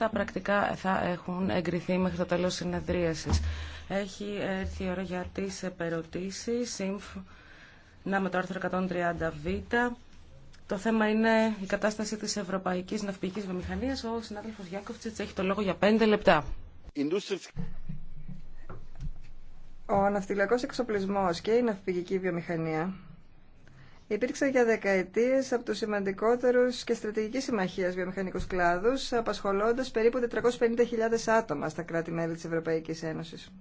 στα πρακτικά θα έχουν εγκριθεί μέχρι το τέλος συνεδρίασης. Έχει έρθει η ώρα για τις επερωτήσεις, σύμφωνα με το άρθρο 130β. Το θέμα είναι η κατάσταση της Ευρωπαϊκής Ναυπηγικής Βιομηχανίας. Ο συνάδελφος Γιάκοφτσιτς έχει το λόγο για 5 λεπτά. Ο ναυτιλιακός εξοπλισμός και η ναυπηγική βιομηχανία υπήρξαν για δεκαετίε από του σημαντικότερου και στρατηγική συμμαχία βιομηχανικού κλάδου, απασχολώντας περίπου 450.000 άτομα στα κράτη-μέλη της Ευρωπαϊκής Ένωσης.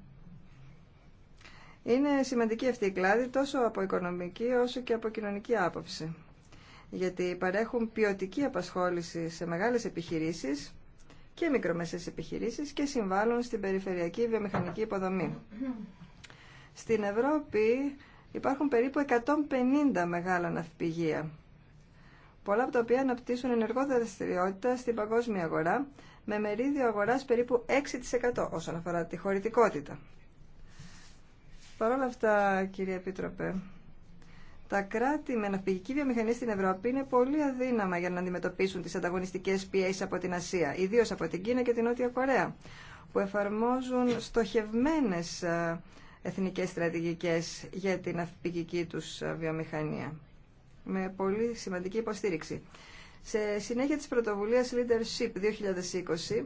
Είναι σημαντική αυτή η κλάδη τόσο από οικονομική όσο και από κοινωνική άποψη, γιατί παρέχουν ποιοτική απασχόληση σε μεγάλες επιχειρήσεις και μικρομεσαίες επιχειρήσεις και συμβάλλουν στην περιφερειακή βιομηχανική υποδομή. Στην Ευρώπη υπάρχουν περίπου 150 μεγάλα ναυπηγεία, πολλά από τα οποία αναπτύσσουν ενεργό δραστηριότητα στην παγκόσμια αγορά, με μερίδιο αγοράς περίπου 6% όσον αφορά τη χωρητικότητα. Παρ' όλα αυτά, κύριε Επίτροπε, τα κράτη με ναυπηγική βιομηχανία στην Ευρώπη είναι πολύ αδύναμα για να αντιμετωπίσουν τις ανταγωνιστικές πιέσεις από την Ασία, ιδίως από την Κίνα και την Νότια Κορέα, που εφαρμόζουν στοχευμένες ε, εθνικές στρατηγικές για την αυπηγική τους ε, βιομηχανία. Με πολύ σημαντική υποστήριξη. Σε συνέχεια της πρωτοβουλίας Leadership 2020,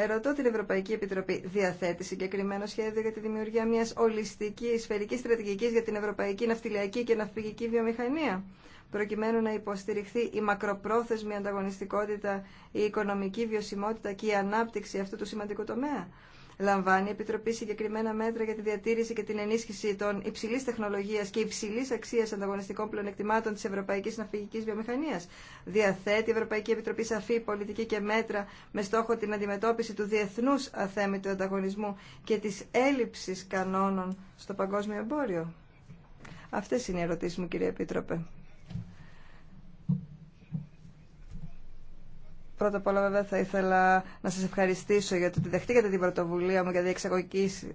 Ερωτώ την Ευρωπαϊκή Επιτροπή. Διαθέτει συγκεκριμένο σχέδιο για τη δημιουργία μια ολιστική σφαιρική στρατηγική για την ευρωπαϊκή ναυτιλιακή και ναυπηγική βιομηχανία, προκειμένου να υποστηριχθεί η μακροπρόθεσμη ανταγωνιστικότητα, η οικονομική βιωσιμότητα και η ανάπτυξη αυτού του σημαντικού τομέα λαμβάνει η Επιτροπή συγκεκριμένα μέτρα για τη διατήρηση και την ενίσχυση των υψηλή τεχνολογία και υψηλή αξία ανταγωνιστικών πλεονεκτημάτων τη Ευρωπαϊκή Ναυπηγική Βιομηχανία. Διαθέτει η Ευρωπαϊκή Επιτροπή σαφή πολιτική και μέτρα με στόχο την αντιμετώπιση του διεθνού αθέμητου ανταγωνισμού και τη έλλειψη κανόνων στο παγκόσμιο εμπόριο. Αυτές είναι οι ερωτήσεις μου, κύριε Επίτροπε. Πρώτα απ' όλα βέβαια θα ήθελα να σας ευχαριστήσω για το ότι δεχτήκατε την πρωτοβουλία μου για,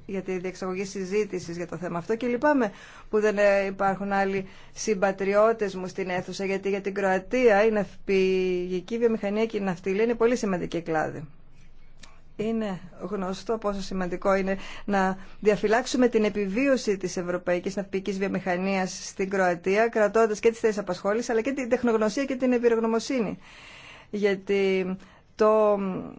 για τη διεξαγωγή συζήτηση για το θέμα αυτό και λυπάμαι που δεν ε, υπάρχουν άλλοι συμπατριώτες μου στην αίθουσα γιατί για την Κροατία η ναυπηγική βιομηχανία και η ναυτιλία είναι πολύ σημαντική κλάδη. Είναι γνωστό πόσο σημαντικό είναι να διαφυλάξουμε την επιβίωση της ευρωπαϊκής ναυπηγικής βιομηχανίας στην Κροατία κρατώντας και τις θέσεις απασχόλησης αλλά και την τεχνογνωσία και την εμπειρογνωμοσύνη γιατί το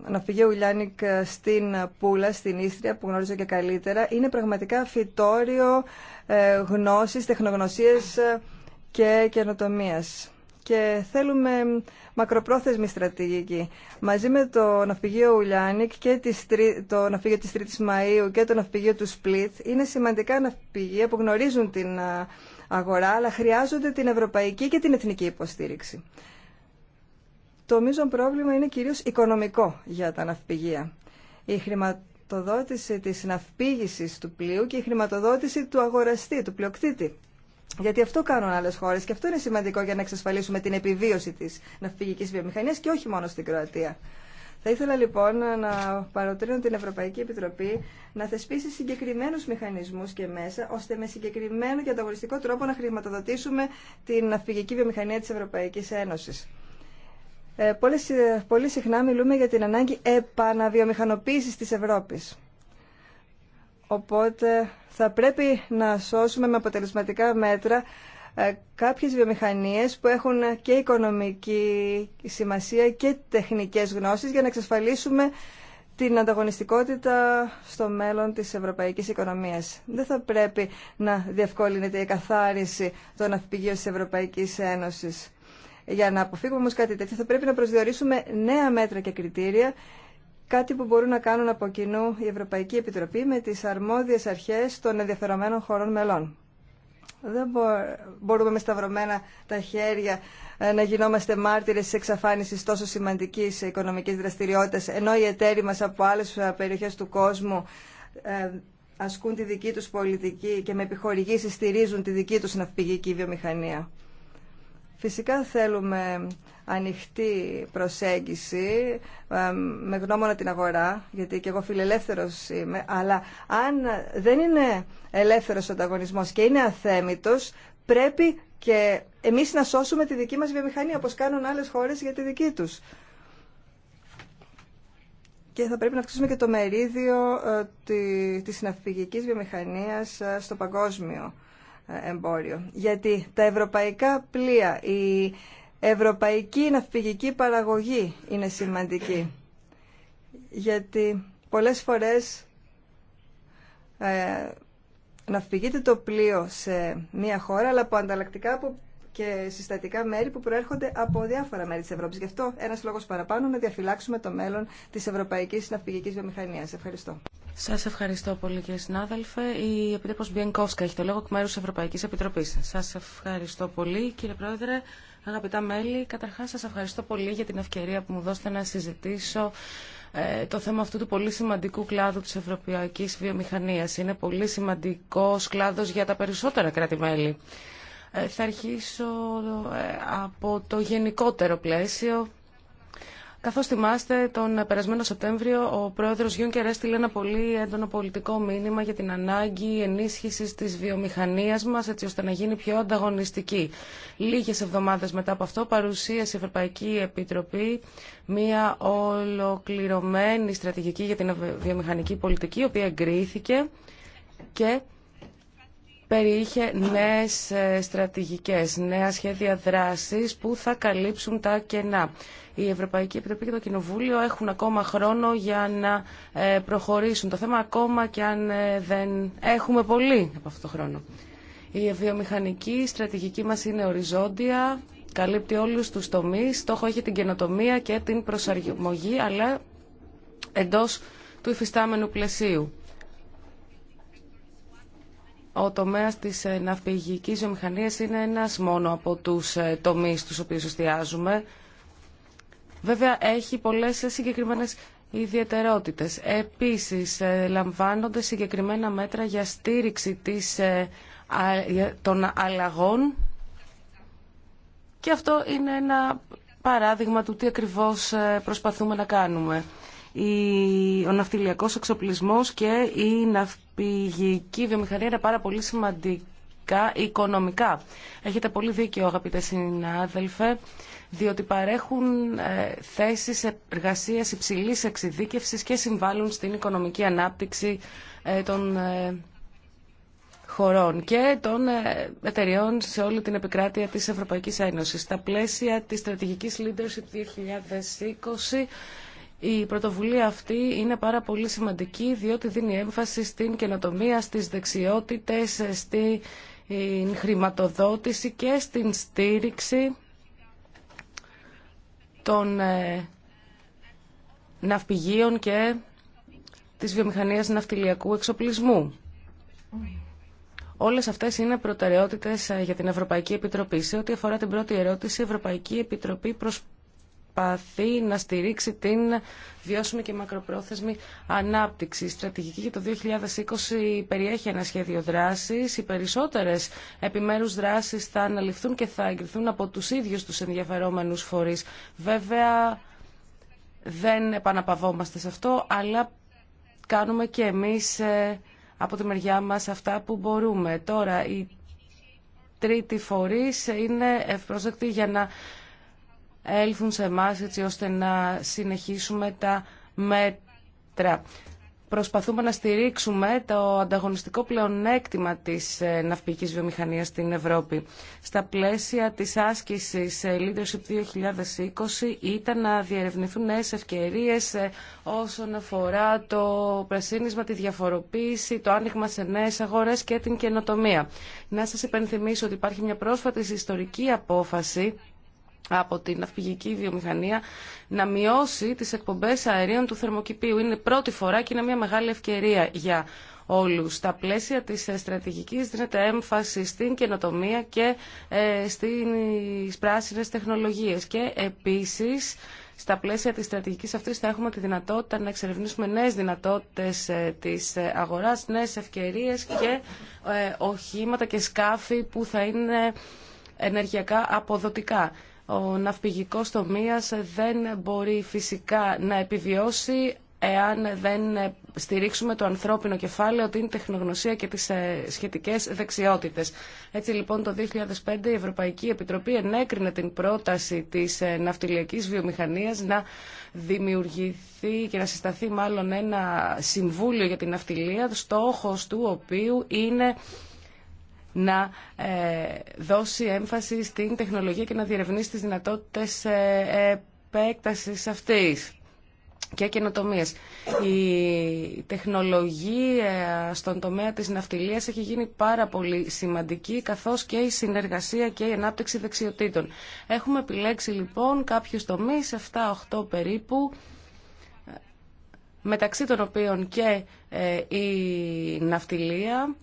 ναυπηγείο Ουλιάνικ στην Πούλα, στην Ίστρια, που γνωρίζω και καλύτερα, είναι πραγματικά φυτόριο ε, γνώσης, τεχνογνωσίες ε, και καινοτομία. Και θέλουμε μακροπρόθεσμη στρατηγική. Μαζί με το ναυπηγείο Ουλιάνικ και το ναυπηγείο της 3ης Μαΐου και το ναυπηγείο του Σπλίτ είναι σημαντικά ναυπηγεία που γνωρίζουν την ε, αγορά, αλλά χρειάζονται την ευρωπαϊκή και την εθνική υποστήριξη. Το μείζον πρόβλημα είναι κυρίως οικονομικό για τα ναυπηγεία. Η χρηματοδότηση της ναυπήγησης του πλοίου και η χρηματοδότηση του αγοραστή, του πλειοκτήτη. Γιατί αυτό κάνουν άλλε χώρε και αυτό είναι σημαντικό για να εξασφαλίσουμε την επιβίωση τη ναυπηγική βιομηχανία και όχι μόνο στην Κροατία. Θα ήθελα λοιπόν να παροτρύνω την Ευρωπαϊκή Επιτροπή να θεσπίσει συγκεκριμένου μηχανισμού και μέσα, ώστε με συγκεκριμένο και ανταγωνιστικό τρόπο να χρηματοδοτήσουμε την ναυπηγική βιομηχανία τη Ευρωπαϊκή Ένωση. Ε, πολύ, πολύ συχνά μιλούμε για την ανάγκη επαναβιομηχανοποίησης της Ευρώπης. Οπότε θα πρέπει να σώσουμε με αποτελεσματικά μέτρα ε, κάποιες βιομηχανίες που έχουν και οικονομική σημασία και τεχνικές γνώσεις για να εξασφαλίσουμε την ανταγωνιστικότητα στο μέλλον της ευρωπαϊκής οικονομίας. Δεν θα πρέπει να διευκολύνεται η καθάριση των αυπηγείων της Ευρωπαϊκής Ένωσης. Για να αποφύγουμε όμω κάτι τέτοιο, θα πρέπει να προσδιορίσουμε νέα μέτρα και κριτήρια, κάτι που μπορούν να κάνουν από κοινού η Ευρωπαϊκή Επιτροπή με τι αρμόδιε αρχέ των ενδιαφερομένων χωρών μελών. Δεν μπορούμε με σταυρωμένα τα χέρια ε, να γινόμαστε μάρτυρε τη εξαφάνιση τόσο σημαντική οικονομική δραστηριότητα, ενώ οι εταίροι μα από άλλε περιοχέ του κόσμου ε, ασκούν τη δική του πολιτική και με επιχορηγήσει στηρίζουν τη δική του ναυπηγική βιομηχανία. Φυσικά θέλουμε ανοιχτή προσέγγιση ε, με γνώμονα την αγορά, γιατί και εγώ φιλελεύθερος είμαι, αλλά αν δεν είναι ελεύθερος ο ανταγωνισμός και είναι αθέμητος, πρέπει και εμείς να σώσουμε τη δική μας βιομηχανία, όπως κάνουν άλλες χώρες για τη δική τους. Και θα πρέπει να αυξήσουμε και το μερίδιο ε, της συναυπηγικής βιομηχανίας ε, στο παγκόσμιο εμπόριο. Γιατί τα ευρωπαϊκά πλοία, η ευρωπαϊκή ναυπηγική παραγωγή είναι σημαντική. Γιατί πολλές φορές ε, ναυπηγείται το πλοίο σε μία χώρα, αλλά από ανταλλακτικά και συστατικά μέρη που προέρχονται από διάφορα μέρη της Ευρώπης. Γι' αυτό ένας λόγος παραπάνω να διαφυλάξουμε το μέλλον της ευρωπαϊκής ναυπηγικής βιομηχανίας. Ευχαριστώ. Σας ευχαριστώ πολύ κύριε συνάδελφε. Η Επίτροπο Μπιενκόφσκα έχει το λόγο εκ μέρους Ευρωπαϊκής Επιτροπής. Σας ευχαριστώ πολύ κύριε Πρόεδρε. Αγαπητά μέλη, καταρχάς σας ευχαριστώ πολύ για την ευκαιρία που μου δώσετε να συζητήσω ε, το θέμα αυτού του πολύ σημαντικού κλάδου της ευρωπαϊκής βιομηχανίας. Είναι πολύ σημαντικός κλάδος για τα περισσότερα κράτη-μέλη. Ε, θα αρχίσω ε, από το γενικότερο πλαίσιο Καθώς θυμάστε, τον περασμένο Σεπτέμβριο ο πρόεδρος Γιούνκερ έστειλε ένα πολύ έντονο πολιτικό μήνυμα για την ανάγκη ενίσχυσης τη βιομηχανία μα, έτσι ώστε να γίνει πιο ανταγωνιστική. Λίγες εβδομάδες μετά από αυτό παρουσίασε η Ευρωπαϊκή Επιτροπή μια ολοκληρωμένη στρατηγική για την βιομηχανική πολιτική, η οποία εγκρίθηκε και περιείχε νέες ε, στρατηγικές, νέα σχέδια δράσης που θα καλύψουν τα κενά. Η Ευρωπαϊκή Επιτροπή και το Κοινοβούλιο έχουν ακόμα χρόνο για να ε, προχωρήσουν το θέμα, ακόμα και αν ε, δεν έχουμε πολύ από αυτό το χρόνο. Η βιομηχανική στρατηγική μας είναι οριζόντια, καλύπτει όλους τους τομείς, στόχο έχει την καινοτομία και την προσαρμογή, αλλά εντός του υφιστάμενου πλαισίου ο τομέας της ε, ναυπηγικής βιομηχανία είναι ένας μόνο από τους ε, τομείς τους οποίους εστιάζουμε. Βέβαια έχει πολλές ε, συγκεκριμένες ιδιαιτερότητες. Επίσης λαμβάνονται συγκεκριμένα μέτρα για στήριξη της, των αλλαγών και αυτό είναι ένα παράδειγμα του τι ακριβώς προσπαθούμε να κάνουμε. Ο ναυτιλιακός εξοπλισμός και η ναυπηγική πηγική βιομηχανία είναι πάρα πολύ σημαντικά οικονομικά. Έχετε πολύ δίκιο αγαπητέ συνάδελφε, διότι παρέχουν ε, θέσεις εργασίας υψηλής εξειδίκευσης και συμβάλλουν στην οικονομική ανάπτυξη ε, των ε, χωρών και των εταιριών σε όλη την επικράτεια της Ευρωπαϊκής Ένωσης. Στα πλαίσια της στρατηγικής leadership 2020 η πρωτοβουλία αυτή είναι πάρα πολύ σημαντική διότι δίνει έμφαση στην καινοτομία, στις δεξιότητες, στην χρηματοδότηση και στην στήριξη των ε, ναυπηγείων και της βιομηχανίας ναυτιλιακού εξοπλισμού. Όλες αυτές είναι προτεραιότητες ε, για την Ευρωπαϊκή Επιτροπή. Σε ό,τι αφορά την πρώτη ερώτηση, η Ευρωπαϊκή Επιτροπή προσπαθεί προσπαθεί να στηρίξει την βιώσιμη και μακροπρόθεσμη ανάπτυξη. Η στρατηγική για το 2020 περιέχει ένα σχέδιο δράση. Οι περισσότερε επιμέρους δράσεις θα αναλυφθούν και θα εγκριθούν από τους ίδιου τους ενδιαφερόμενους φορείς. Βέβαια δεν επαναπαυόμαστε σε αυτό, αλλά κάνουμε και εμείς ε, από τη μεριά μας αυτά που μπορούμε. Τώρα η τρίτη φορής είναι ευπρόσδεκτη για να έλθουν σε εμά έτσι ώστε να συνεχίσουμε τα μέτρα. Προσπαθούμε να στηρίξουμε το ανταγωνιστικό πλεονέκτημα της ε, ναυπηγικής βιομηχανίας στην Ευρώπη. Στα πλαίσια της άσκησης ε, Leadership 2020 ήταν να διερευνηθούν νέες ευκαιρίες ε, όσον αφορά το πρασίνισμα, τη διαφοροποίηση, το άνοιγμα σε νέες αγορές και την καινοτομία. Να σας υπενθυμίσω ότι υπάρχει μια πρόσφατη ιστορική απόφαση από την ναυπηγική βιομηχανία να μειώσει τις εκπομπές αερίων του θερμοκηπίου. Είναι πρώτη φορά και είναι μια μεγάλη ευκαιρία για όλους. Στα πλαίσια της ε, στρατηγικής δίνεται έμφαση στην καινοτομία και ε, στις πράσινες τεχνολογίες. Και επίσης στα πλαίσια της στρατηγικής αυτής θα έχουμε τη δυνατότητα να εξερευνήσουμε νέες δυνατότητες ε, της αγοράς, νέες ευκαιρίες και οχήματα και σκάφη που θα είναι ενεργειακά αποδοτικά. Ο ναυπηγικός τομείας δεν μπορεί φυσικά να επιβιώσει εάν δεν στηρίξουμε το ανθρώπινο κεφάλαιο, την τεχνογνωσία και τις ε, σχετικές δεξιότητες. Έτσι λοιπόν το 2005 η Ευρωπαϊκή Επιτροπή ενέκρινε την πρόταση της ε, ναυτιλιακής βιομηχανίας να δημιουργηθεί και να συσταθεί μάλλον ένα συμβούλιο για την ναυτιλία, στόχος του οποίου είναι να ε, δώσει έμφαση στην τεχνολογία και να διερευνήσει τις δυνατότητες ε, επέκτασης αυτής και καινοτομίες. Η τεχνολογία στον τομέα της ναυτιλίας έχει γίνει πάρα πολύ σημαντική, καθώς και η συνεργασία και η ανάπτυξη δεξιοτήτων. Έχουμε επιλέξει λοιπόν κάποιους τομείς, 7-8 περίπου, μεταξύ των οποίων και ε, η ναυτιλία,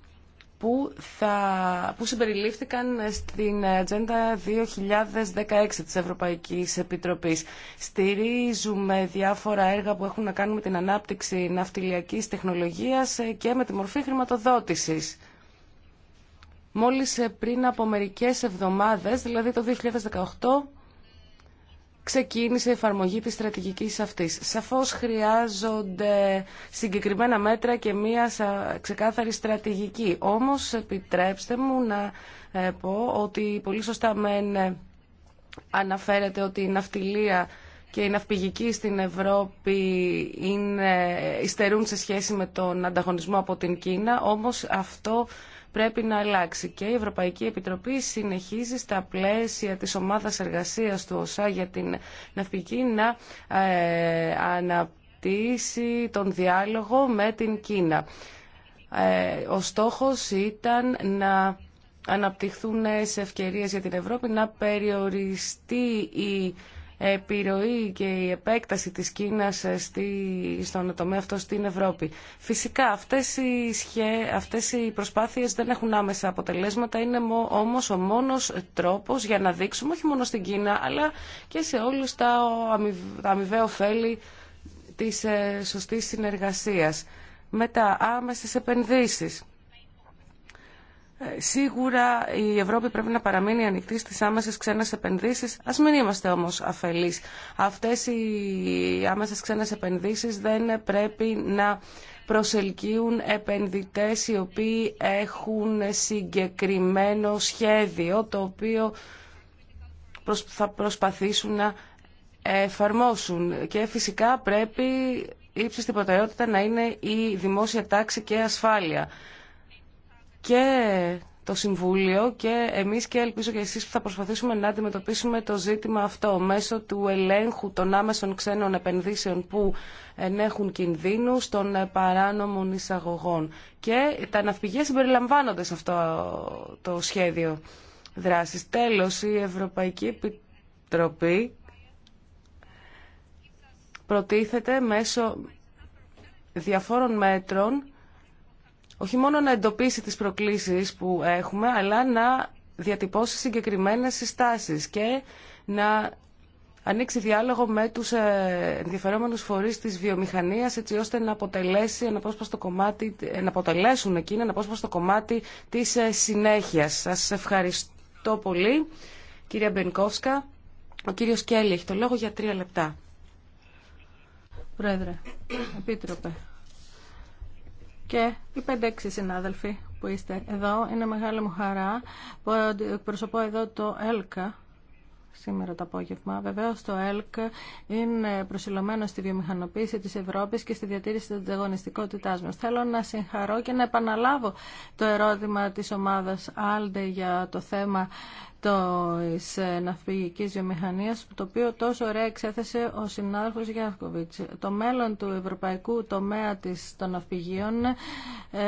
που, θα, που συμπεριλήφθηκαν στην Ατζέντα 2016 της Ευρωπαϊκής Επιτροπής. Στηρίζουμε διάφορα έργα που έχουν να κάνουν με την ανάπτυξη ναυτιλιακής τεχνολογίας και με τη μορφή χρηματοδότησης. Μόλις πριν από μερικές εβδομάδες, δηλαδή το 2018, ξεκίνησε η εφαρμογή της στρατηγικής αυτής. Σαφώς χρειάζονται συγκεκριμένα μέτρα και μία ξεκάθαρη στρατηγική. Όμως επιτρέψτε μου να ε, πω ότι πολύ σωστά μεν ε, αναφέρεται ότι η ναυτιλία και οι ναυπηγικοί στην Ευρώπη είναι, υστερούν σε σχέση με τον ανταγωνισμό από την Κίνα, όμως αυτό πρέπει να αλλάξει. Και η Ευρωπαϊκή Επιτροπή συνεχίζει στα πλαίσια της ομάδας εργασίας του ΟΣΑ για την ναυπηγική να ε, αναπτύσσει τον διάλογο με την Κίνα. Ε, ο στόχος ήταν να αναπτυχθούν σε ευκαιρίες για την Ευρώπη, να περιοριστεί η επιρροή και η επέκταση της Κίνας ε, στον τομέα αυτό στην Ευρώπη. Φυσικά αυτές οι, σχέ, αυτές οι προσπάθειες δεν έχουν άμεσα αποτελέσματα, είναι όμως ο μόνος τρόπος για να δείξουμε όχι μόνο στην Κίνα αλλά και σε όλους τα αμοιβαία ωφέλη της ε, σωστής συνεργασίας. Μετά, άμεσες επενδύσεις. Ε, σίγουρα η Ευρώπη πρέπει να παραμείνει ανοιχτή στις άμεσες ξένες επενδύσεις. Ας μην είμαστε όμως αφελείς. Αυτές οι άμεσες ξένες επενδύσεις δεν πρέπει να προσελκύουν επενδυτές οι οποίοι έχουν συγκεκριμένο σχέδιο το οποίο θα προσπαθήσουν να εφαρμόσουν. Και φυσικά πρέπει ύψιστη προτεραιότητα να είναι η δημόσια τάξη και ασφάλεια και το Συμβούλιο και εμείς και ελπίζω και εσείς που θα προσπαθήσουμε να αντιμετωπίσουμε το ζήτημα αυτό μέσω του ελέγχου των άμεσων ξένων επενδύσεων που ενέχουν κινδύνους των παράνομων εισαγωγών. Και τα ναυπηγεία συμπεριλαμβάνονται σε αυτό το σχέδιο δράσης. Τέλος, η Ευρωπαϊκή Επιτροπή προτίθεται μέσω διαφόρων μέτρων όχι μόνο να εντοπίσει τις προκλήσεις που έχουμε, αλλά να διατυπώσει συγκεκριμένες συστάσεις και να ανοίξει διάλογο με τους ε, ενδιαφερόμενους φορείς της βιομηχανίας έτσι ώστε να, αποτελέσει, να, κομμάτι, ε, να αποτελέσουν εκείνα να στο κομμάτι της ε, συνέχειας. Σας ευχαριστώ πολύ. Κυρία Μπενκόφσκα, ο κύριος Κέλλη έχει το λόγο για τρία λεπτά. Πρόεδρε, επίτροπε και οι 5-6 συνάδελφοι που είστε εδώ. Είναι μεγάλη μου χαρά που εκπροσωπώ εδώ το ΕΛΚΑ σήμερα το απόγευμα. βεβαίω το ΕΛΚ είναι προσιλωμένο στη βιομηχανοποίηση τη Ευρώπη και στη διατήρηση τη ανταγωνιστικότητά μα. Θέλω να συγχαρώ και να επαναλάβω το ερώτημα της ομάδας ALDE για το θέμα τη ε, ναυπηγική βιομηχανία, το οποίο τόσο ωραία εξέθεσε ο συνάδελφο Γιάνκοβιτ. Το μέλλον του ευρωπαϊκού τομέα των ναυπηγείων ε,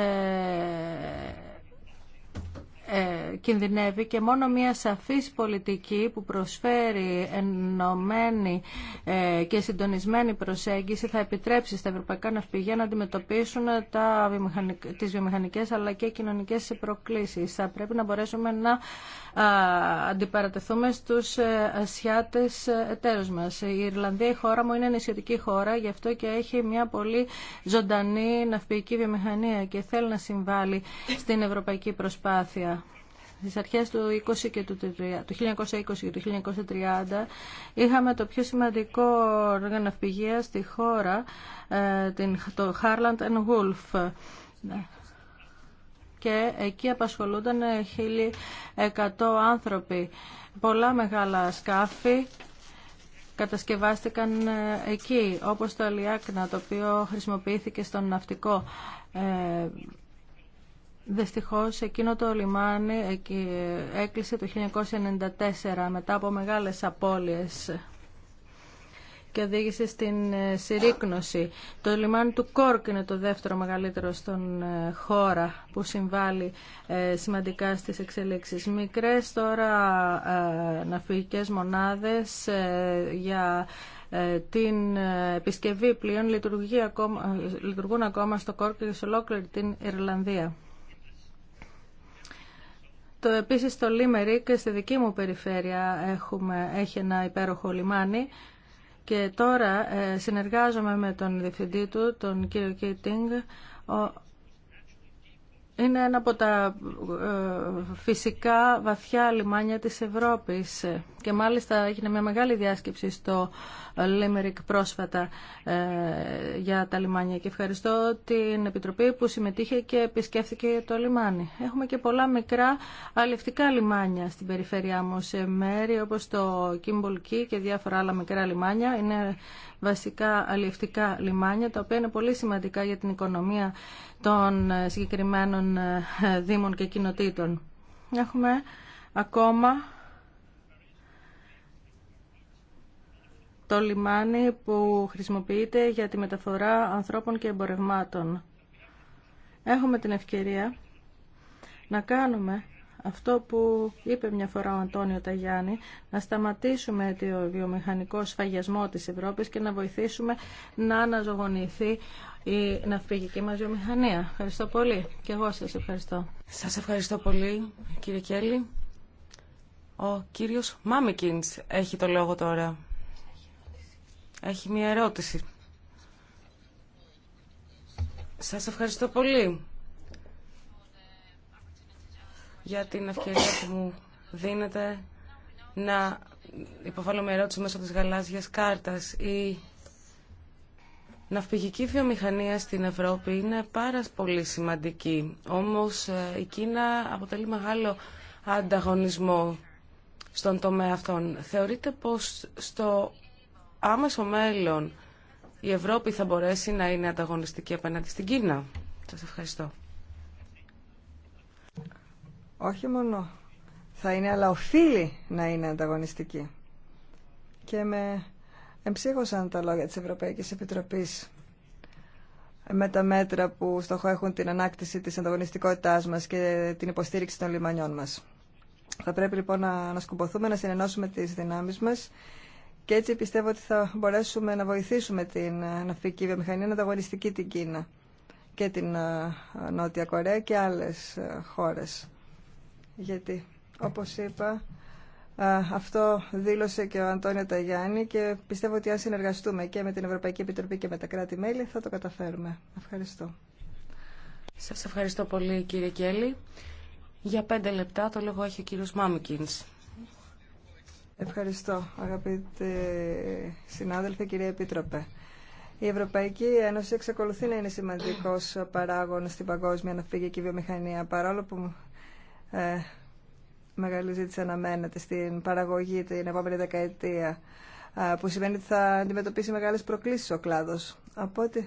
ε, κινδυνεύει και μόνο μια σαφής πολιτική που προσφέρει ενωμένη ε, και συντονισμένη προσέγγιση θα επιτρέψει στα ευρωπαϊκά ναυπηγεία να αντιμετωπίσουν τα, τις βιομηχανικές αλλά και κοινωνικές προκλήσεις. Θα πρέπει να μπορέσουμε να αντιπαρατεθούμε στους ε, ασιάτες ε, εταίρους μας. Η Ιρλανδία, η χώρα μου, είναι νησιωτική χώρα, γι' αυτό και έχει μια πολύ ζωντανή ναυπηγική βιομηχανία και θέλει να συμβάλλει στην ευρωπαϊκή προσπάθεια. Στις αρχές του, 20 και του, 1920 και του 1930 είχαμε το πιο σημαντικό ναυπηγεία στη χώρα, ε, το Harland and Wolff και εκεί απασχολούνταν 1.100 άνθρωποι. Πολλά μεγάλα σκάφη κατασκευάστηκαν ε, εκεί, όπως το Αλιάκνα, το οποίο χρησιμοποιήθηκε στον ναυτικό. Ε, δυστυχώς εκείνο το λιμάνι ε, έκλεισε το 1994 μετά από μεγάλες απώλειες και οδήγησε στην ε, συρρήκνωση. Το λιμάνι του Κόρκ είναι το δεύτερο μεγαλύτερο στον ε, χώρα που συμβάλλει ε, σημαντικά στις εξελίξεις. Μικρές τώρα ναυπηγικές μονάδες για την επισκευή πλοίων λειτουργούν ακόμα στο Κόρκ και σε ολόκληρη την Ιρλανδία. Το, επίσης το Λίμερικ στη δική μου περιφέρεια έχουμε, έχει ένα υπέροχο λιμάνι και τώρα ε, συνεργάζομαι με τον διευθυντή του, τον κύριο Κίτινγκ, είναι ένα από τα ε, φυσικά βαθιά λιμάνια της Ευρώπης και μάλιστα έγινε μια μεγάλη διάσκεψη στο Λίμερικ πρόσφατα ε, για τα λιμάνια και ευχαριστώ την Επιτροπή που συμμετείχε και επισκέφθηκε το λιμάνι. Έχουμε και πολλά μικρά αλευτικά λιμάνια στην περιφέρειά μου σε μέρη όπως το Κι και διάφορα άλλα μικρά λιμάνια. Είναι βασικά αλλιευτικά λιμάνια, τα οποία είναι πολύ σημαντικά για την οικονομία των ε, συγκεκριμένων ε, δήμων και κοινοτήτων. Έχουμε ακόμα το λιμάνι που χρησιμοποιείται για τη μεταφορά ανθρώπων και εμπορευμάτων. Έχουμε την ευκαιρία να κάνουμε αυτό που είπε μια φορά ο Αντώνιο Ταγιάννη, να σταματήσουμε το βιομηχανικό σφαγιασμό της Ευρώπης και να βοηθήσουμε να αναζωογονηθεί η ναυπηγική μας βιομηχανία. Ευχαριστώ πολύ. Και εγώ σας ευχαριστώ. Σας ευχαριστώ πολύ, κύριε Κέλλη. Ο κύριος Μάμικινς έχει το λόγο τώρα έχει μια ερώτηση. Σας ευχαριστώ πολύ για την ευκαιρία που μου δίνετε να υποβάλω μια ερώτηση μέσω της γαλάζιας κάρτας. Η ναυπηγική βιομηχανία στην Ευρώπη είναι πάρα πολύ σημαντική. Όμως ε, η Κίνα αποτελεί μεγάλο ανταγωνισμό στον τομέα αυτών. Θεωρείτε πως στο άμεσο μέλλον η Ευρώπη θα μπορέσει να είναι ανταγωνιστική απέναντι στην Κίνα. Σας ευχαριστώ. Όχι μόνο θα είναι, αλλά οφείλει να είναι ανταγωνιστική. Και με εμψύχωσαν τα λόγια της Ευρωπαϊκής Επιτροπής με τα μέτρα που στοχοέχουν την ανάκτηση της ανταγωνιστικότητάς μας και την υποστήριξη των λιμανιών μας. Θα πρέπει λοιπόν να, να να συνενώσουμε τις δυνάμεις μας και έτσι πιστεύω ότι θα μπορέσουμε να βοηθήσουμε την ναυτική βιομηχανία να ανταγωνιστική την Κίνα και την ε, Νότια Κορέα και άλλες ε, χώρες. Γιατί, όπως είπα, ε, αυτό δήλωσε και ο Αντώνιο Ταγιάννη και πιστεύω ότι αν συνεργαστούμε και με την Ευρωπαϊκή Επιτροπή και με τα κράτη-μέλη θα το καταφέρουμε. Ευχαριστώ. Σας ευχαριστώ πολύ κύριε Κέλλη. Για πέντε λεπτά το λόγο έχει ο κύριος Μάμικινς. Ευχαριστώ, αγαπητοί συνάδελφοι, κυρία Επίτροπε. Η Ευρωπαϊκή Ένωση εξακολουθεί να είναι σημαντικός παράγων στην παγκόσμια ναυπηγική βιομηχανία, παρόλο που ε, μεγάλη ζήτηση αναμένεται στην παραγωγή την επόμενη δεκαετία, ε, που σημαίνει ότι θα αντιμετωπίσει μεγάλες προκλήσεις ο κλάδος. Από ό,τι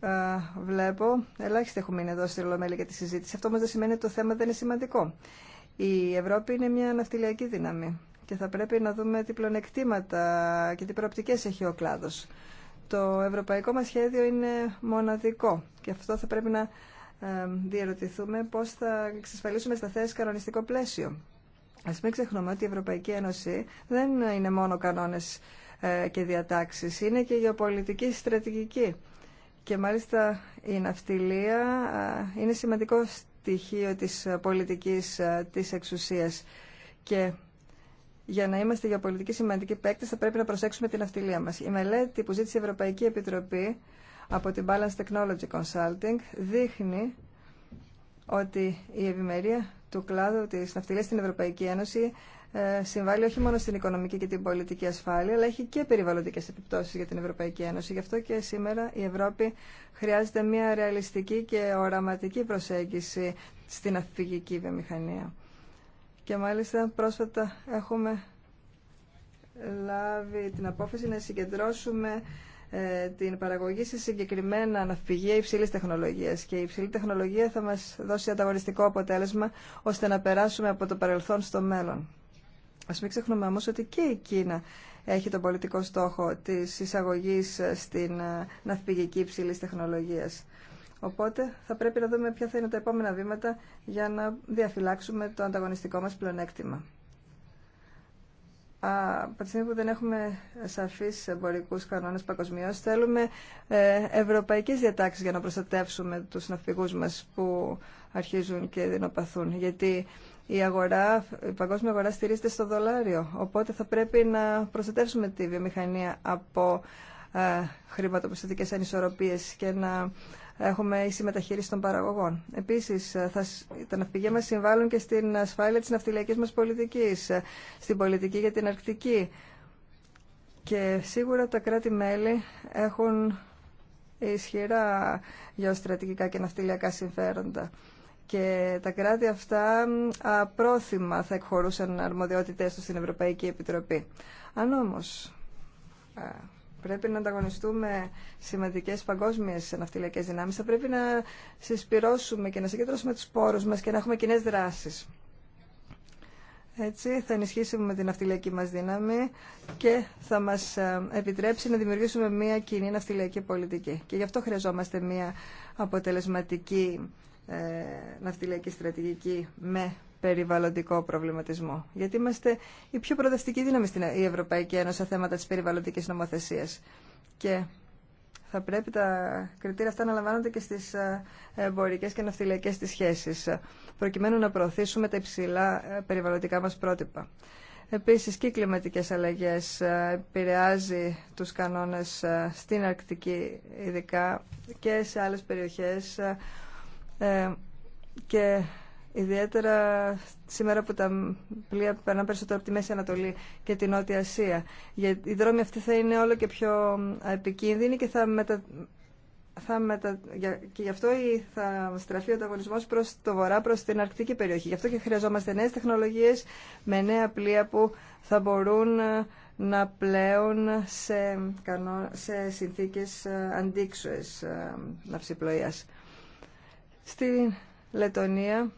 ε, βλέπω, ελάχιστοι έχουμε μείνει εδώ στη Ρολομέλη για τη συζήτηση. Αυτό όμως δεν σημαίνει ότι το θέμα δεν είναι σημαντικό. Η Ευρώπη είναι μια ναυτιλιακή δύναμη και θα πρέπει να δούμε τι πλονεκτήματα και τι προοπτικές έχει ο κλάδος. Το ευρωπαϊκό μας σχέδιο είναι μοναδικό και αυτό θα πρέπει να ε, διαρωτηθούμε πώς θα εξασφαλίσουμε στα θέσεις κανονιστικό πλαίσιο. Ας μην ξεχνούμε ότι η Ευρωπαϊκή Ένωση δεν είναι μόνο κανόνες ε, και διατάξεις, είναι και γεωπολιτική στρατηγική. Και μάλιστα η ναυτιλία ε, είναι σημαντικό στοιχείο της πολιτικής της εξουσίας και για να είμαστε για πολιτική σημαντική παίκτη, θα πρέπει να προσέξουμε την αυτιλία μα. Η μελέτη που ζήτησε η Ευρωπαϊκή Επιτροπή από την Balance Technology Consulting δείχνει ότι η ευημερία του κλάδου τη ναυτιλία στην Ευρωπαϊκή Ένωση ε, συμβάλλει όχι μόνο στην οικονομική και την πολιτική ασφάλεια, αλλά έχει και περιβαλλοντικέ επιπτώσει για την Ευρωπαϊκή Ένωση. Γι' αυτό και σήμερα η Ευρώπη χρειάζεται μια ρεαλιστική και οραματική προσέγγιση στην αφηγική βιομηχανία. Και μάλιστα πρόσφατα έχουμε λάβει την απόφαση να συγκεντρώσουμε ε, την παραγωγή σε συγκεκριμένα ναυπηγεία υψηλής τεχνολογίας και η υψηλή τεχνολογία θα μας δώσει ανταγωνιστικό αποτέλεσμα ώστε να περάσουμε από το παρελθόν στο μέλλον. Ας μην ξεχνούμε όμως ότι και η Κίνα έχει τον πολιτικό στόχο της εισαγωγής στην ε, ναυπηγική υψηλής τεχνολογίας. Οπότε θα πρέπει να δούμε ποια θα είναι τα επόμενα βήματα για να διαφυλάξουμε το ανταγωνιστικό μας πλεονέκτημα. Από τη στιγμή που δεν έχουμε σαφείς εμπορικούς κανόνες παγκοσμίω, θέλουμε ε, ευρωπαϊκές διατάξεις για να προστατεύσουμε τους ναυπηγούς μας που αρχίζουν και δεινοπαθούν. Γιατί η, αγορά, παγκόσμια αγορά στηρίζεται στο δολάριο, οπότε θα πρέπει να προστατεύσουμε τη βιομηχανία από ε, χρηματοπιστωτικές ανισορροπίες και να έχουμε η συμμεταχείριση των παραγωγών. Επίσης, τα ναυπηγεία μας συμβάλλουν και στην ασφάλεια της ναυτιλιακής μας πολιτικής, στην πολιτική για την Αρκτική. Και σίγουρα τα κράτη-μέλη έχουν ισχυρά γεωστρατηγικά και ναυτιλιακά συμφέροντα. Και τα κράτη αυτά απρόθυμα θα εκχωρούσαν αρμοδιότητές του στην Ευρωπαϊκή Επιτροπή. Αν όμως πρέπει να ανταγωνιστούμε σημαντικές παγκόσμιες ναυτιλιακές δυνάμεις, θα πρέπει να συσπυρώσουμε και να συγκεντρώσουμε τους πόρους μας και να έχουμε κοινέ δράσεις. Έτσι θα ενισχύσουμε την ναυτιλιακή μας δύναμη και θα μας ε, επιτρέψει να δημιουργήσουμε μια κοινή ναυτιλιακή πολιτική. Και γι' αυτό χρειαζόμαστε μια αποτελεσματική ε, ναυτιλιακή στρατηγική με περιβαλλοντικό προβληματισμό. Γιατί είμαστε η πιο προοδευτική δύναμη στην Ευρωπαϊκή Ένωση σε θέματα της περιβαλλοντικής νομοθεσίας. Και θα πρέπει τα κριτήρια αυτά να λαμβάνονται και στις ε, εμπορικές και ναυτιλιακές τις σχέσεις, ε, προκειμένου να προωθήσουμε τα υψηλά ε, περιβαλλοντικά μας πρότυπα. Επίσης και οι κλιματικές αλλαγές επηρεάζει τους κανόνες στην Αρκτική ειδικά και σε άλλες περιοχές και Ιδιαίτερα σήμερα που τα πλοία περνάνε περισσότερο από τη Μέση Ανατολή και τη Νότια Ασία. Γιατί οι δρόμοι αυτοί θα είναι όλο και πιο επικίνδυνοι και θα μετα... Θα μετα... και γι' αυτό θα στραφεί ο ανταγωνισμό προ το βορρά, προ την αρκτική περιοχή. Γι' αυτό και χρειαζόμαστε νέε τεχνολογίε με νέα πλοία που θα μπορούν ε, να πλέουν σε, κανό... σε συνθήκες ε, αντίξωε ε, ναυσιπλοείας. Στη Λετωνία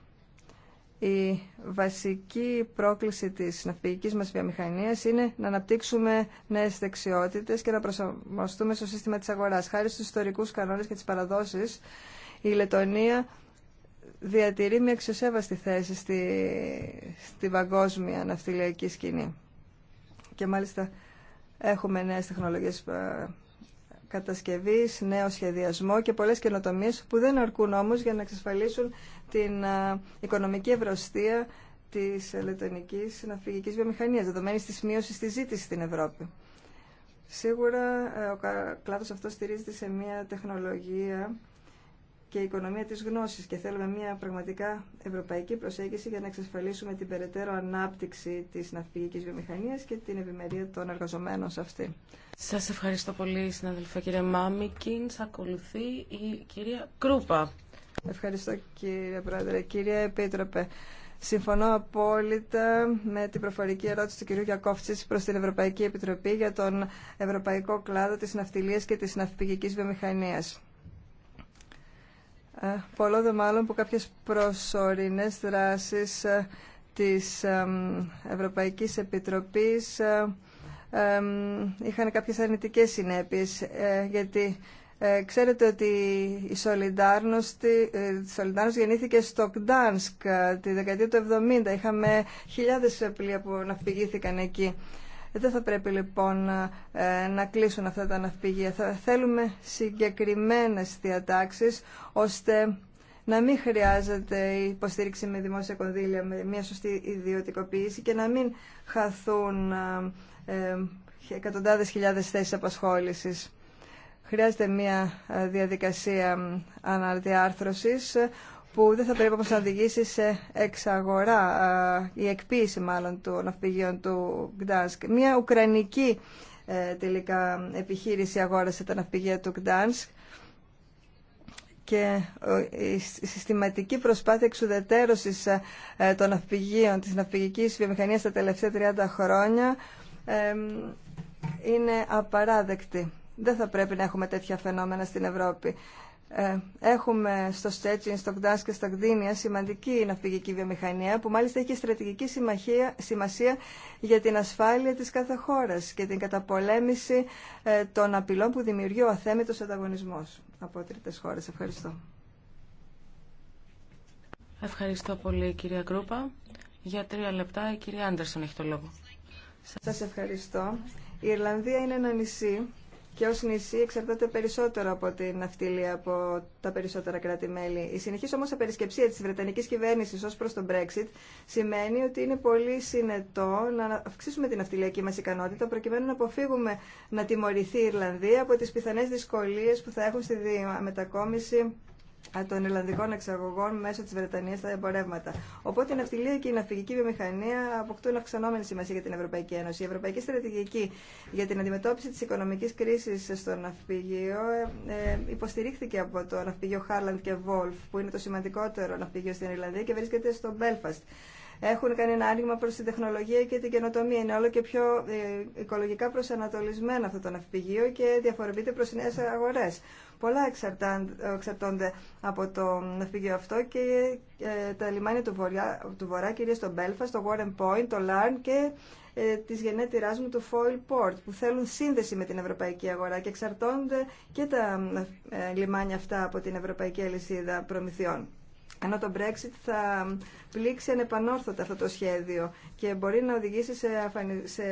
η βασική πρόκληση της ναυπηγικής μας βιομηχανίας είναι να αναπτύξουμε νέες δεξιότητες και να προσαρμοστούμε στο σύστημα της αγοράς. Χάρη στους ιστορικούς κανόνες και τις παραδόσεις, η Λετωνία διατηρεί μια αξιοσέβαστη θέση στη, στη παγκόσμια ναυτιλιακή σκηνή. Και μάλιστα έχουμε νέες τεχνολογίες ε, Κατασκευή, νέο σχεδιασμό και πολλές καινοτομίε που δεν αρκούν όμως για να εξασφαλίσουν την οικονομική ευρωστία της λετωνικής ναυπηγική βιομηχανίας, δεδομένη τη μείωσης της ζήτησης στην Ευρώπη. Σίγουρα ε, ο κλάδος αυτός στηρίζεται σε μια τεχνολογία και η οικονομία της γνώσης και θέλουμε μια πραγματικά ευρωπαϊκή προσέγγιση για να εξασφαλίσουμε την περαιτέρω ανάπτυξη της ναυπηγικής βιομηχανίας και την ευημερία των εργαζομένων σε αυτή. Σας ευχαριστώ πολύ συναδελφέ κύριε Μάμικιν. Ακολουθεί η κυρία Κρούπα. Ευχαριστώ κύριε Πρόεδρε. Κύριε Επίτροπε, συμφωνώ απόλυτα με την προφορική ερώτηση του κυρίου Γιακόφτση προ την Ευρωπαϊκή Επιτροπή για τον Ευρωπαϊκό Κλάδο τη Ναυτιλία και τη Ναυπηγική Βιομηχανία. Ε, πολλό δε μάλλον που κάποιες προσωρινές δράσεις ε, της Ευρωπαϊκής Επιτροπής ε, είχαν κάποιες αρνητικές συνέπειες γιατί ξέρετε ότι η ε, γεννήθηκε στο Κντάνσκ τη δεκαετία του 70. Είχαμε χιλιάδες πλοία που ναυπηγήθηκαν εκεί. Δεν θα πρέπει λοιπόν ε, να κλείσουν αυτά τα ναυπηγεία. Θα θέλουμε συγκεκριμένες διατάξεις ώστε να μην χρειάζεται η υποστήριξη με δημόσια κονδύλια, με μια σωστή ιδιωτικοποίηση και να μην χαθούν ε, ε, εκατοντάδες χιλιάδες θέσεις απασχόλησης. Χρειάζεται μια ε, διαδικασία αναδιάρθρωσης που δεν θα πρέπει όμως να οδηγήσει σε εξαγορά ή ε, εκποίηση μάλλον του ναυπηγείων του Γκτάνσκ. Μια ουκρανική ε, τελικά επιχείρηση αγόρασε τα ναυπηγεία του Γκτάνσκ και η συστηματική προσπάθεια εξουδετέρωσης των ναυπηγείων της ναυπηγικής βιομηχανίας τα τελευταία 30 χρόνια είναι απαράδεκτη. Δεν θα πρέπει να έχουμε τέτοια φαινόμενα στην Ευρώπη. Ε, έχουμε στο Στέτσιν, στο Κτάνς και στο Κδίνια σημαντική ναυπηγική βιομηχανία που μάλιστα έχει στρατηγική σημασία για την ασφάλεια της κάθε χώρας και την καταπολέμηση ε, των απειλών που δημιουργεί ο αθέμητος ανταγωνισμός από τρίτες χώρες. Ευχαριστώ. Ευχαριστώ πολύ κυρία Γκρούπα. Για τρία λεπτά η κυρία Άντερσον έχει το λόγο. Σας ευχαριστώ. Η Ιρλανδία είναι ένα νησί και ω νησί εξαρτάται περισσότερο από την ναυτιλία από τα περισσότερα κράτη-μέλη. Η συνεχής όμως απερισκεψία τη βρετανική κυβέρνηση ως προς τον Brexit σημαίνει ότι είναι πολύ συνετό να αυξήσουμε την ναυτιλιακή μας ικανότητα προκειμένου να αποφύγουμε να τιμωρηθεί η Ιρλανδία από τι πιθανέ δυσκολίε που θα έχουν στη μετακόμιση των Ιρλανδικών εξαγωγών μέσω τη Βρετανία στα εμπορεύματα. Οπότε η ναυτιλία και η ναυπηγική βιομηχανία αποκτούν αυξανόμενη σημασία για την Ευρωπαϊκή Ένωση. Η Ευρωπαϊκή Στρατηγική για την αντιμετώπιση τη οικονομική κρίση στο ναυπηγείο ε, ε, υποστηρίχθηκε από το ναυπηγείο Χάρλαντ και Βόλφ, που είναι το σημαντικότερο ναυπηγείο στην Ιρλανδία και βρίσκεται στο Μπέλφαστ. Έχουν κάνει ένα άνοιγμα προ την τεχνολογία και την καινοτομία. Είναι όλο και πιο ε, οικολογικά προσανατολισμένο αυτό το ναυπηγείο και διαφοροποιείται προ νέε αγορέ. Πολλά εξαρτώνται από το ναυπηγείο αυτό και ε, τα λιμάνια του, βορρά, του Βορρά, κυρίως το Belfast, το Warren Point, το Λάρν και ε, της μου του Foil Port που θέλουν σύνδεση με την ευρωπαϊκή αγορά και εξαρτώνται και τα ε, λιμάνια αυτά από την ευρωπαϊκή αλυσίδα προμηθειών. Ενώ το Brexit θα πλήξει ανεπανόρθωτα αυτό το σχέδιο και μπορεί να οδηγήσει σε, σε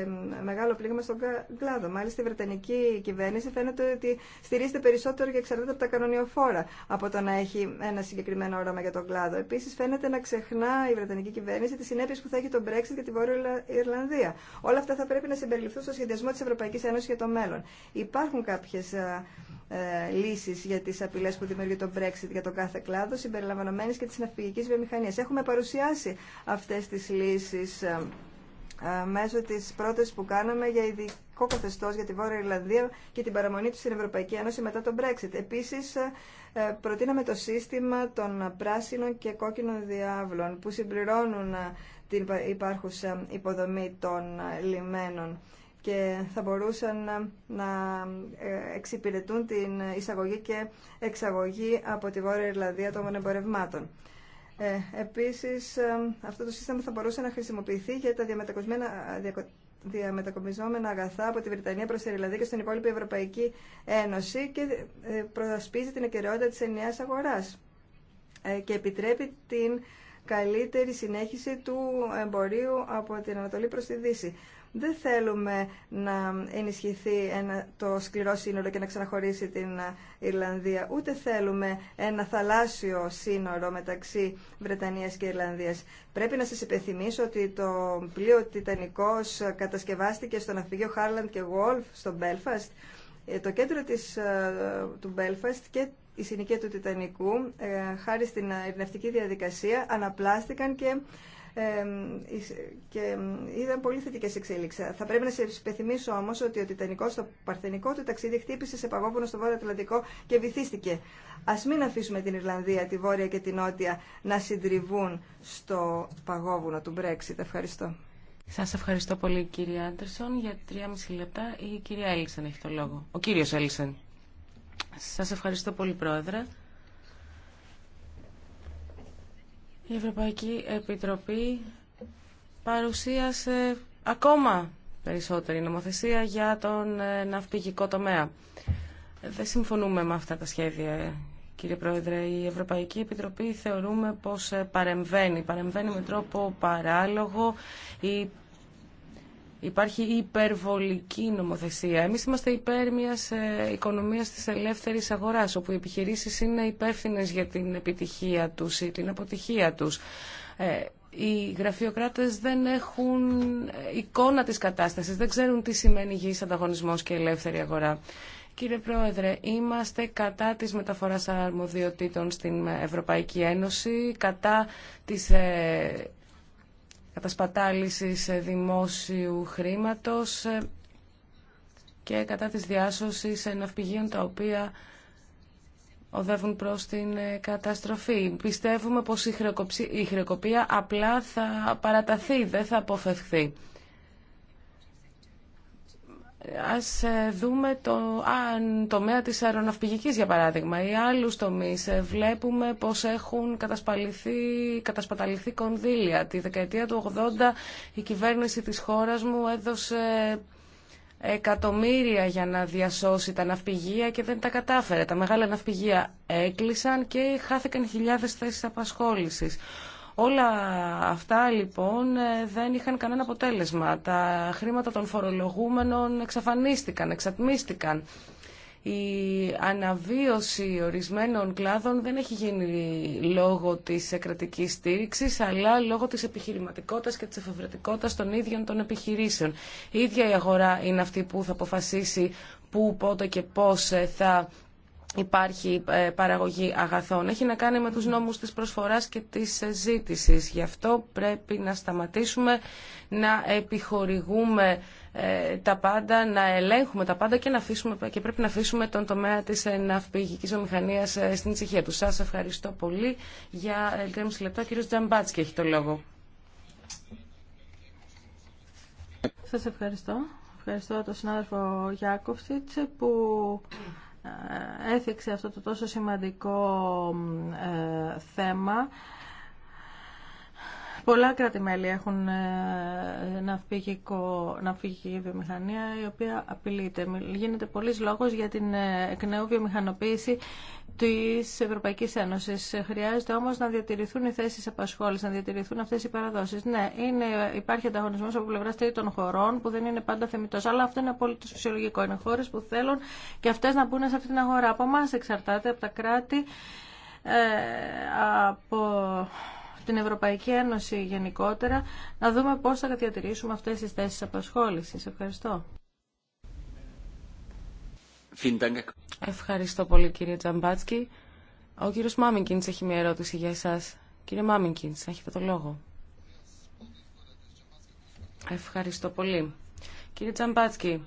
μεγάλο πλήγμα στον κλάδο. Μάλιστα, η Βρετανική κυβέρνηση φαίνεται ότι στηρίζεται περισσότερο και εξαρτάται από τα κανονιοφόρα από το να έχει ένα συγκεκριμένο όραμα για τον κλάδο. Επίση, φαίνεται να ξεχνά η Βρετανική κυβέρνηση τι συνέπειε που θα έχει το Brexit για τη Βόρεια Ιρλανδία. Όλα αυτά θα πρέπει να συμπεριληφθούν στο σχεδιασμό τη Ευρωπαϊκή Ένωση για το μέλλον. Υπάρχουν κάποιε ε, λύσει για τι απειλέ που δημιουργεί το Brexit για τον κάθε κλάδο, συμπεριλαμβανομένε και τη ναυπηγική βιομηχανία. Έχουμε παρουσία παρουσιάσει αυτές τις λύσεις ε, ε, μέσω της πρώτης που κάναμε για ειδικό καθεστώ για τη Βόρεια Ιρλανδία και την παραμονή του στην Ευρωπαϊκή Ένωση μετά τον Brexit. Επίσης, ε, προτείναμε το σύστημα των πράσινων και κόκκινων διάβλων που συμπληρώνουν την υπάρχουσα υποδομή των λιμένων και θα μπορούσαν να εξυπηρετούν την εισαγωγή και εξαγωγή από τη Βόρεια Ιρλανδία των εμπορευμάτων. Ε, επίσης, ε, αυτό το σύστημα θα μπορούσε να χρησιμοποιηθεί για τα διαμετακομιζόμενα αγαθά από τη Βρετανία προς τη και στην υπόλοιπη Ευρωπαϊκή Ένωση και ε, προασπίζει την ακαιρεότητα της ενιαίας αγοράς ε, και επιτρέπει την καλύτερη συνέχιση του εμπορίου από την Ανατολή προς τη Δύση. Δεν θέλουμε να ενισχυθεί ένα, το σκληρό σύνορο και να ξαναχωρήσει την ε, Ιρλανδία. Ούτε θέλουμε ένα θαλάσσιο σύνορο μεταξύ Βρετανίας και Ιρλανδίας. Πρέπει να σας υπενθυμίσω ότι το πλοίο Τιτανικός ε, κατασκευάστηκε στο ναυπηγείο Χάρλαντ και Γουόλφ στο Μπέλφαστ. Ε, το κέντρο της, του Μπέλφαστ και η συνοικία του Τιτανικού, χάρη στην ειρηνευτική διαδικασία, αναπλάστηκαν και και είδαν πολύ θετικέ εξέλιξει. Θα πρέπει να σε υπενθυμίσω όμω ότι ο Τιτανικό στο παρθενικό του ταξίδι χτύπησε σε παγόβουνο στο Βόρειο Ατλαντικό και βυθίστηκε. Α μην αφήσουμε την Ιρλανδία, τη Βόρεια και τη Νότια να συντριβούν στο παγόβουνο του Brexit. Ευχαριστώ. Σα ευχαριστώ πολύ, κύριε Άντερσον. Για τρία μισή λεπτά η κυρία Έλισεν έχει το λόγο. Ο κύριο Έλισεν. Σα ευχαριστώ πολύ, Πρόεδρε. Η Ευρωπαϊκή Επιτροπή παρουσίασε ακόμα περισσότερη νομοθεσία για τον ε, ναυπηγικό τομέα. Δεν συμφωνούμε με αυτά τα σχέδια, κύριε Πρόεδρε. Η Ευρωπαϊκή Επιτροπή θεωρούμε πως ε, παρεμβαίνει. Παρεμβαίνει με τρόπο παράλογο ή υπάρχει υπερβολική νομοθεσία. Εμείς είμαστε υπέρ μιας ε, οικονομίας της ελεύθερης αγοράς, όπου οι επιχειρήσει είναι υπεύθυνε για την επιτυχία τους ή την αποτυχία τους. Ε, οι γραφειοκράτες δεν έχουν ε, εικόνα της κατάστασης, δεν ξέρουν τι σημαίνει υγιή ανταγωνισμός και ελεύθερη αγορά. Κύριε Πρόεδρε, είμαστε κατά της μεταφοράς αρμοδιοτήτων στην Ευρωπαϊκή Ένωση, κατά της κατασπατάλησης δημόσιου χρήματος και κατά της διάσωσης ναυπηγείων τα οποία οδεύουν προς την καταστροφή. Πιστεύουμε πως η χρεοκοπία απλά θα παραταθεί, δεν θα αποφευχθεί. Ας ε, δούμε το αν τομέα της αεροναυπηγικής για παράδειγμα ή άλλους τομείς. Ε, βλέπουμε πως έχουν κατασπαταληθεί κονδύλια. Τη δεκαετία του 80 η κυβέρνηση της χώρας μου έδωσε εκατομμύρια για να διασώσει τα ναυπηγεία και δεν τα κατάφερε. Τα μεγάλα ναυπηγεία έκλεισαν και χάθηκαν χιλιάδες θέσεις απασχόλησης. Όλα αυτά λοιπόν ε, δεν είχαν κανένα αποτέλεσμα. Τα χρήματα των φορολογούμενων εξαφανίστηκαν, εξατμίστηκαν. Η αναβίωση ορισμένων κλάδων δεν έχει γίνει λόγω της κρατικής στήριξης, αλλά λόγω της επιχειρηματικότητας και της εφευρετικότητας των ίδιων των επιχειρήσεων. Η ίδια η αγορά είναι αυτή που θα αποφασίσει πού, πότε και πώς ε, θα υπάρχει ε, παραγωγή αγαθών. Έχει να κάνει με τους νόμους της προσφοράς και της ζήτηση. Γι' αυτό πρέπει να σταματήσουμε να επιχορηγούμε ε, τα πάντα, να ελέγχουμε τα πάντα και, να αφήσουμε, και πρέπει να αφήσουμε τον τομέα της ε, ναυπηγικής ομηχανίας στην ησυχία του. Σας ευχαριστώ πολύ. Για 3,5 λεπτά ο κύριος Τζαμπάτσκι έχει το λόγο. Σας ευχαριστώ. Ευχαριστώ τον συνάδελφο Γιάκοφσιτς που έθιξε αυτό το τόσο σημαντικό ε, θέμα. Πολλά κράτη-μέλη έχουν ε, ναυπηγική βιομηχανία η οποία απειλείται. Γίνεται πολλής λόγος για την ε, εκ νέου βιομηχανοποίηση της Ευρωπαϊκής Ένωσης. Χρειάζεται όμως να διατηρηθούν οι θέσεις απασχόλησης, να διατηρηθούν αυτές οι παραδόσεις. Ναι, είναι, υπάρχει ανταγωνισμός από πλευρά τρίτων χωρών που δεν είναι πάντα θεμητός, αλλά αυτό είναι απόλυτο φυσιολογικό. Είναι χώρες που θέλουν και αυτές να μπουν σε αυτήν την αγορά. Από εμά εξαρτάται, από τα κράτη, ε, από την Ευρωπαϊκή Ένωση γενικότερα, να δούμε πώς θα διατηρήσουμε αυτές τις θέσεις απασχόλησης. Ευχαριστώ. Ευχαριστώ πολύ κύριε Τζαμπάτσκι. Ο κύριος Μάμικινς έχει μια ερώτηση για εσάς. Κύριε Μάμικινς, έχετε το λόγο. Ευχαριστώ πολύ. Κύριε Τζαμπάτσκι,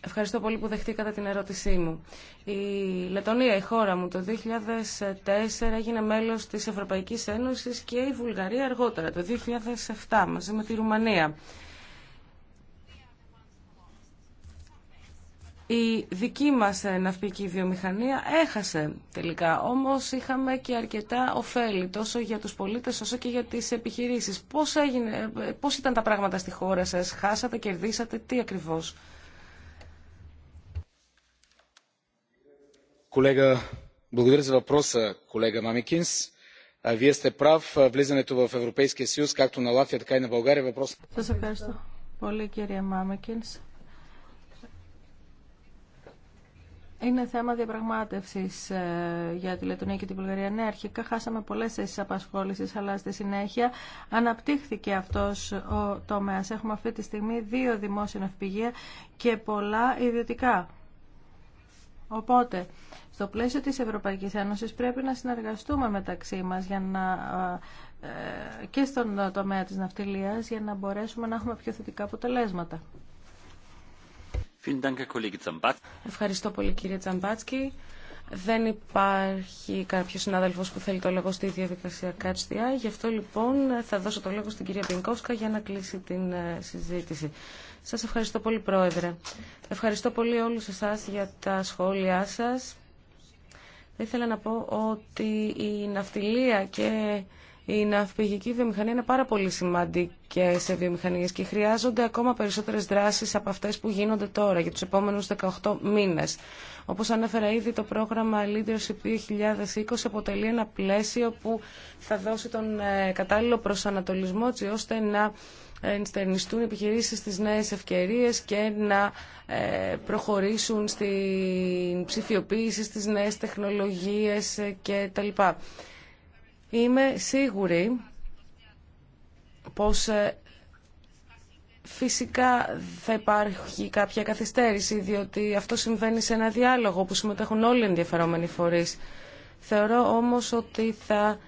Ευχαριστώ πολύ που δεχτήκατε την ερώτησή μου. Η Λετωνία, η χώρα μου, το 2004 έγινε μέλος της Ευρωπαϊκής Ένωσης και η Βουλγαρία αργότερα, το 2007, μαζί με τη Ρουμανία. η δική μας ναυπική βιομηχανία έχασε τελικά. Όμως είχαμε και αρκετά ωφέλη τόσο για τους πολίτες όσο και για τις επιχειρήσεις. Πώς, έγινε, πώς ήταν τα πράγματα στη χώρα σας, χάσατε, κερδίσατε, τι ακριβώς. Колега, благодаря за въпроса, колега Мамикинс. Вие сте прав, влизането в Европейския съюз, както на Латвия, така и на България, въпрос... Σας ευχαριστώ πολύ, κύριε Είναι θέμα διαπραγμάτευση ε, για τη Λετωνία και την Βουλγαρία. Ναι, αρχικά χάσαμε πολλέ θέσει απασχόληση, αλλά στη συνέχεια αναπτύχθηκε αυτό ο τομέα. Έχουμε αυτή τη στιγμή δύο δημόσια ναυπηγεία και πολλά ιδιωτικά. Οπότε, στο πλαίσιο της Ευρωπαϊκής Ένωσης πρέπει να συνεργαστούμε μεταξύ μας για να, ε, ε, και στον τομέα της ναυτιλίας για να μπορέσουμε να έχουμε πιο θετικά αποτελέσματα. Ευχαριστώ πολύ κύριε Τζαμπάτσκι. Δεν υπάρχει κάποιο συνάδελφο που θέλει το λόγο στη διαδικασία ΚΑΤΣΤΙΑ. Γι' αυτό λοιπόν θα δώσω το λόγο στην κυρία Πινκόσκα για να κλείσει την ε, συζήτηση. Σα ευχαριστώ πολύ, Πρόεδρε. Ευχαριστώ πολύ όλου εσά για τα σχόλιά σα. ήθελα να πω ότι η ναυτιλία και η ναυπηγική βιομηχανία είναι πάρα πολύ σημαντική σε βιομηχανίε και χρειάζονται ακόμα περισσότερε δράσει από αυτέ που γίνονται τώρα για του επόμενου 18 μήνε. Όπω ανέφερα ήδη, το πρόγραμμα Leadership 2020 αποτελεί ένα πλαίσιο που θα δώσει τον ε, κατάλληλο προσανατολισμό έτσι ώστε να ενστερνιστούν επιχειρήσει στις νέε ευκαιρίε και να ε, προχωρήσουν στην ψηφιοποίηση, στι νέε τεχνολογίε ε, κτλ. Είμαι σίγουρη πως ε, φυσικά θα υπάρχει κάποια καθυστέρηση, διότι αυτό συμβαίνει σε ένα διάλογο που συμμετέχουν όλοι οι ενδιαφερόμενοι φορείς. Θεωρώ όμως ότι θα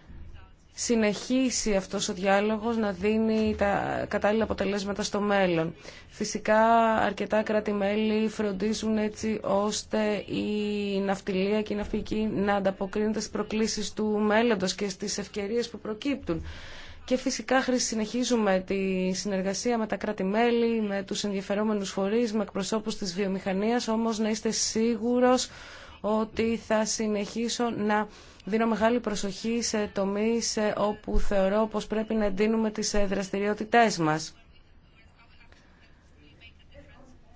συνεχίσει αυτός ο διάλογος να δίνει τα κατάλληλα αποτελέσματα στο μέλλον. Φυσικά αρκετά κράτη-μέλη φροντίζουν έτσι ώστε η ναυτιλία και η ναυπηγική να ανταποκρίνεται στις προκλήσεις του μέλλοντος και στις ευκαιρίες που προκύπτουν. Και φυσικά συνεχίζουμε τη συνεργασία με τα κράτη-μέλη, με τους ενδιαφερόμενους φορείς, με εκπροσώπους της βιομηχανίας, όμως να είστε σίγουρος ότι θα συνεχίσω να δίνω μεγάλη προσοχή σε τομείς ε, όπου θεωρώ πως πρέπει να εντείνουμε τις ε, δραστηριότητές μας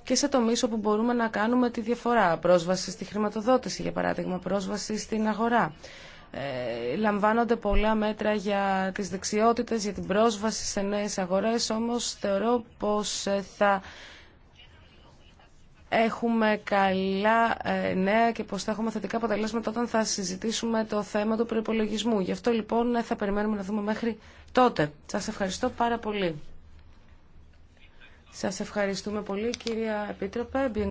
και σε τομείς όπου μπορούμε να κάνουμε τη διαφορά. Πρόσβαση στη χρηματοδότηση, για παράδειγμα, πρόσβαση στην αγορά. Ε, λαμβάνονται πολλά μέτρα για τις δεξιότητες, για την πρόσβαση σε νέες αγορές, όμως θεωρώ πως θα έχουμε καλά ε, νέα και πως θα έχουμε θετικά αποτελέσματα όταν θα συζητήσουμε το θέμα του προπολογισμού. Γι' αυτό λοιπόν ε, θα περιμένουμε να δούμε μέχρι τότε. Σας ευχαριστώ πάρα πολύ. Σας ευχαριστούμε πολύ κυρία Επίτροπε.